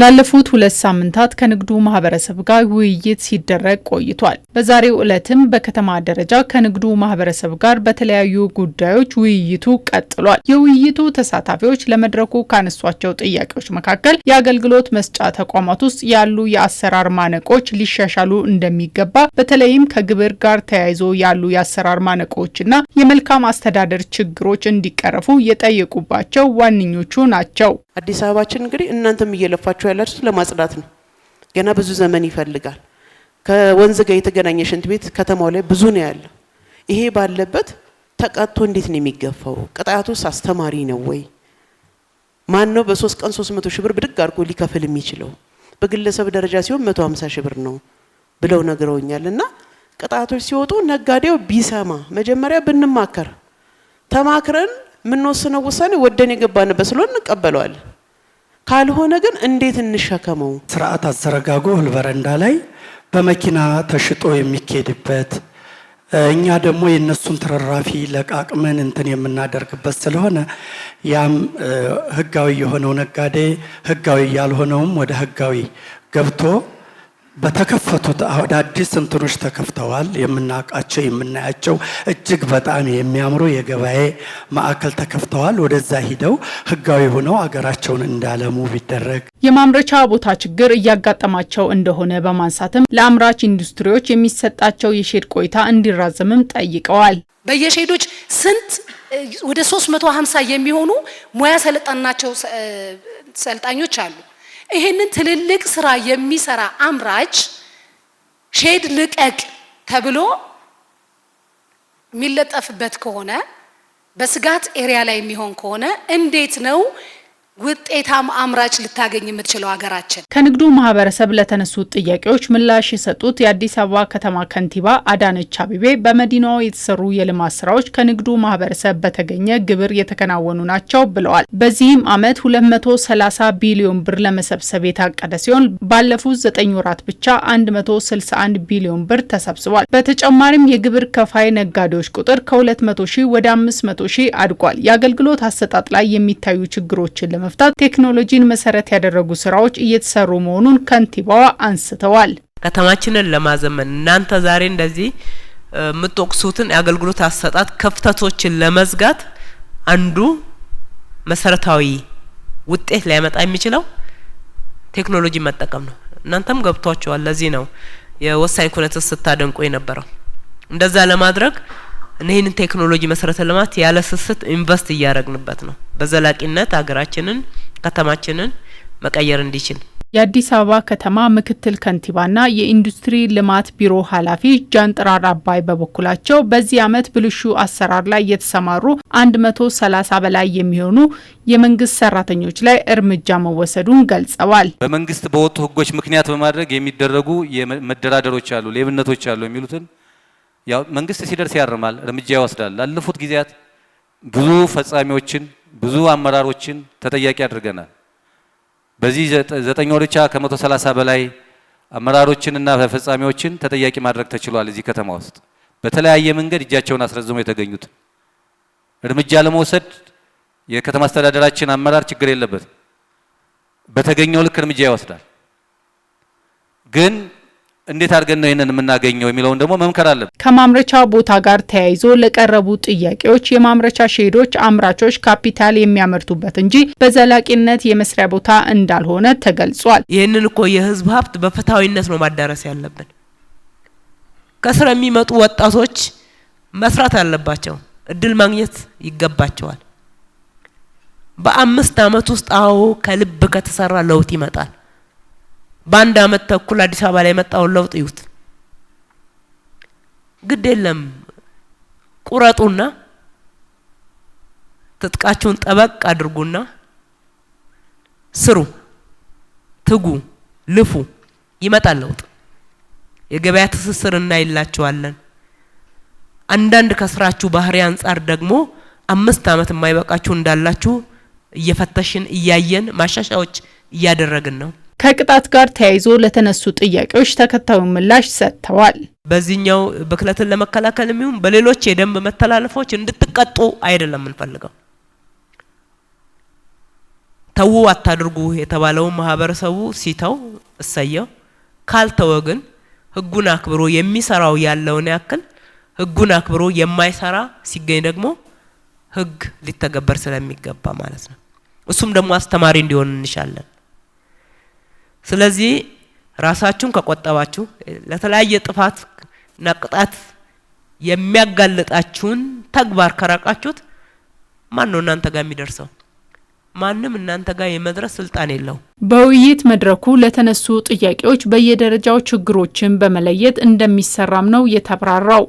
ላለፉት ሁለት ሳምንታት ከንግዱ ማህበረሰብ ጋር ውይይት ሲደረግ ቆይቷል። በዛሬው ዕለትም በከተማ ደረጃ ከንግዱ ማህበረሰብ ጋር በተለያዩ ጉዳዮች ውይይቱ ቀጥሏል። የውይይቱ ተሳታፊዎች ለመድረኩ ካነሷቸው ጥያቄዎች መካከል የአገልግሎት መስጫ ተቋማት ውስጥ ያሉ የአሰራር ማነቆች ሊሻሻሉ እንደሚገባ፣ በተለይም ከግብር ጋር ተያይዞ ያሉ የአሰራር ማነቆችና የመልካም አስተዳደር ችግሮች እንዲቀረፉ የጠየቁባቸው ዋነኞቹ ናቸው። አዲስ አበባችን እንግዲህ እናንተም እየለፋችሁ ያላችሁ ለማጽዳት ነው። ገና ብዙ ዘመን ይፈልጋል። ከወንዝ ጋር የተገናኘ ሽንት ቤት ከተማው ላይ ብዙ ነው ያለ። ይሄ ባለበት ተቀጥቶ እንዴት ነው የሚገፋው? ቅጣቱስ አስተማሪ ነው ወይ? ማን ነው በሶስት ቀን ሶስት መቶ ሺህ ብር ብድግ አድርጎ ሊከፍል የሚችለው? በግለሰብ ደረጃ ሲሆን መቶ ሀምሳ ሺህ ብር ነው ብለው ነግረውኛል። እና ቅጣቶች ሲወጡ ነጋዴው ቢሰማ መጀመሪያ ብንማከር ተማክረን የምንወስነው ውሳኔ ወደን የገባንበት ስለሆነ እንቀበለዋለን። ካልሆነ ግን እንዴት እንሸከመው? ስርዓት አዘረጋጎ እህል በረንዳ ላይ በመኪና ተሽጦ የሚኬድበት እኛ ደግሞ የእነሱን ትርራፊ ለቃቅመን እንትን የምናደርግበት ስለሆነ ያም ህጋዊ የሆነው ነጋዴ ህጋዊ ያልሆነውም ወደ ህጋዊ ገብቶ በተከፈቱት አዳዲስ እንትኖች ተከፍተዋል። የምናውቃቸው የምናያቸው እጅግ በጣም የሚያምሩ የገበያ ማዕከል ተከፍተዋል። ወደዛ ሂደው ህጋዊ ሆነው አገራቸውን እንዳለሙ ቢደረግ የማምረቻ ቦታ ችግር እያጋጠማቸው እንደሆነ በማንሳትም ለአምራች ኢንዱስትሪዎች የሚሰጣቸው የሼድ ቆይታ እንዲራዘምም ጠይቀዋል። በየሼዶች ስንት ወደ 350 የሚሆኑ ሙያ ሰለጠናቸው ሰልጣኞች አሉ ይሄንን ትልልቅ ስራ የሚሰራ አምራች ሼድ ልቀቅ ተብሎ የሚለጠፍበት ከሆነ በስጋት ኤሪያ ላይ የሚሆን ከሆነ እንዴት ነው ውጤታም አምራች ልታገኝ የምትችለው ሀገራችን። ከንግዱ ማህበረሰብ ለተነሱት ጥያቄዎች ምላሽ የሰጡት የአዲስ አበባ ከተማ ከንቲባ አዳነች አቤቤ በመዲናዋ የተሰሩ የልማት ስራዎች ከንግዱ ማህበረሰብ በተገኘ ግብር የተከናወኑ ናቸው ብለዋል። በዚህም አመት 230 ቢሊዮን ብር ለመሰብሰብ የታቀደ ሲሆን ባለፉት 9 ወራት ብቻ 161 ቢሊዮን ብር ተሰብስቧል። በተጨማሪም የግብር ከፋይ ነጋዴዎች ቁጥር ከ200 ሺህ ወደ 500 ሺህ አድጓል። የአገልግሎት አሰጣጥ ላይ የሚታዩ ችግሮችን ለመፍ ለመፍታት ቴክኖሎጂን መሰረት ያደረጉ ስራዎች እየተሰሩ መሆኑን ከንቲባዋ አንስተዋል። ከተማችንን ለማዘመን እናንተ ዛሬ እንደዚህ የምትወቅሱትን የአገልግሎት አሰጣጥ ክፍተቶችን ለመዝጋት አንዱ መሰረታዊ ውጤት ሊያመጣ የሚችለው ቴክኖሎጂ መጠቀም ነው። እናንተም ገብቷቸዋል። ለዚህ ነው የወሳኝ ኩነትን ስታደንቁ የነበረው እንደዛ ለማድረግ እነህንን ቴክኖሎጂ መሰረተ ልማት ያለ ስስት ኢንቨስት እያደረግንበት ነው። በዘላቂነት ሀገራችንን ከተማችንን መቀየር እንዲችል የአዲስ አበባ ከተማ ምክትል ከንቲባና የኢንዱስትሪ ልማት ቢሮ ኃላፊ ጃንጥራር አባይ በበኩላቸው በዚህ ዓመት ብልሹ አሰራር ላይ የተሰማሩ 130 በላይ የሚሆኑ የመንግስት ሰራተኞች ላይ እርምጃ መወሰዱን ገልጸዋል። በመንግስት በወጡ ህጎች ምክንያት በማድረግ የሚደረጉ መደራደሮች አሉ፣ ሌብነቶች አሉ የሚሉትን ያው መንግስት ሲደርስ ያርማል፣ እርምጃ ይወስዳል። ላለፉት ጊዜያት ብዙ ፈጻሚዎችን ብዙ አመራሮችን ተጠያቂ አድርገናል። በዚህ ዘጠኝ ወር ብቻ ከመቶ ሰላሳ በላይ አመራሮችንና ፈጻሚዎችን ተጠያቂ ማድረግ ተችሏል። እዚህ ከተማ ውስጥ በተለያየ መንገድ እጃቸውን አስረዝሞ የተገኙት እርምጃ ለመውሰድ የከተማ አስተዳደራችን አመራር ችግር የለበትም። በተገኘው ልክ እርምጃ ይወስዳል ግን እንዴት አድርገን ነው ይህንን የምናገኘው የሚለውን ደግሞ መምከር አለን። ከማምረቻ ቦታ ጋር ተያይዞ ለቀረቡ ጥያቄዎች የማምረቻ ሼዶች አምራቾች ካፒታል የሚያመርቱበት እንጂ በዘላቂነት የመስሪያ ቦታ እንዳልሆነ ተገልጿል። ይህንን እኮ የህዝብ ሀብት በፍትሐዊነት ነው ማዳረስ ያለብን። ከስራ የሚመጡ ወጣቶች መስራት አለባቸው፣ እድል ማግኘት ይገባቸዋል። በአምስት አመት ውስጥ አዎ ከልብ ከተሰራ ለውጥ ይመጣል። በአንድ አመት ተኩል አዲስ አበባ ላይ የመጣውን ለውጥ ይዩት። ግድ የለም ቁረጡና ትጥቃችሁን ጠበቅ አድርጉና ስሩ፣ ትጉ፣ ልፉ። ይመጣል ለውጥ። የገበያ ትስስር እናይላችኋለን። አንዳንድ ከስራችሁ ባህሪ አንጻር ደግሞ አምስት አመት የማይበቃችሁ እንዳላችሁ እየፈተሽን እያየን ማሻሻዎች እያደረግን ነው። ከቅጣት ጋር ተያይዞ ለተነሱ ጥያቄዎች ተከታዩን ምላሽ ሰጥተዋል። በዚህኛው ብክለትን ለመከላከል የሚሆን በሌሎች የደንብ መተላለፎች እንድትቀጡ አይደለም የምንፈልገው። ተዉ አታድርጉ የተባለውን ማህበረሰቡ ሲተው እሰየው፣ ካልተወ ግን ህጉን አክብሮ የሚሰራው ያለውን ያክል ህጉን አክብሮ የማይሰራ ሲገኝ ደግሞ ህግ ሊተገበር ስለሚገባ ማለት ነው። እሱም ደግሞ አስተማሪ እንዲሆን እንሻለን። ስለዚህ ራሳችሁን ከቆጠባችሁ ለተለያየ ጥፋት እና ቅጣት የሚያጋልጣችሁን ተግባር ከራቃችሁት ማን ነው እናንተ ጋር የሚደርሰው? ማንም እናንተ ጋር የመድረስ ስልጣን የለው። በውይይት መድረኩ ለተነሱ ጥያቄዎች በየደረጃው ችግሮችን በመለየት እንደሚሰራም ነው የተብራራው።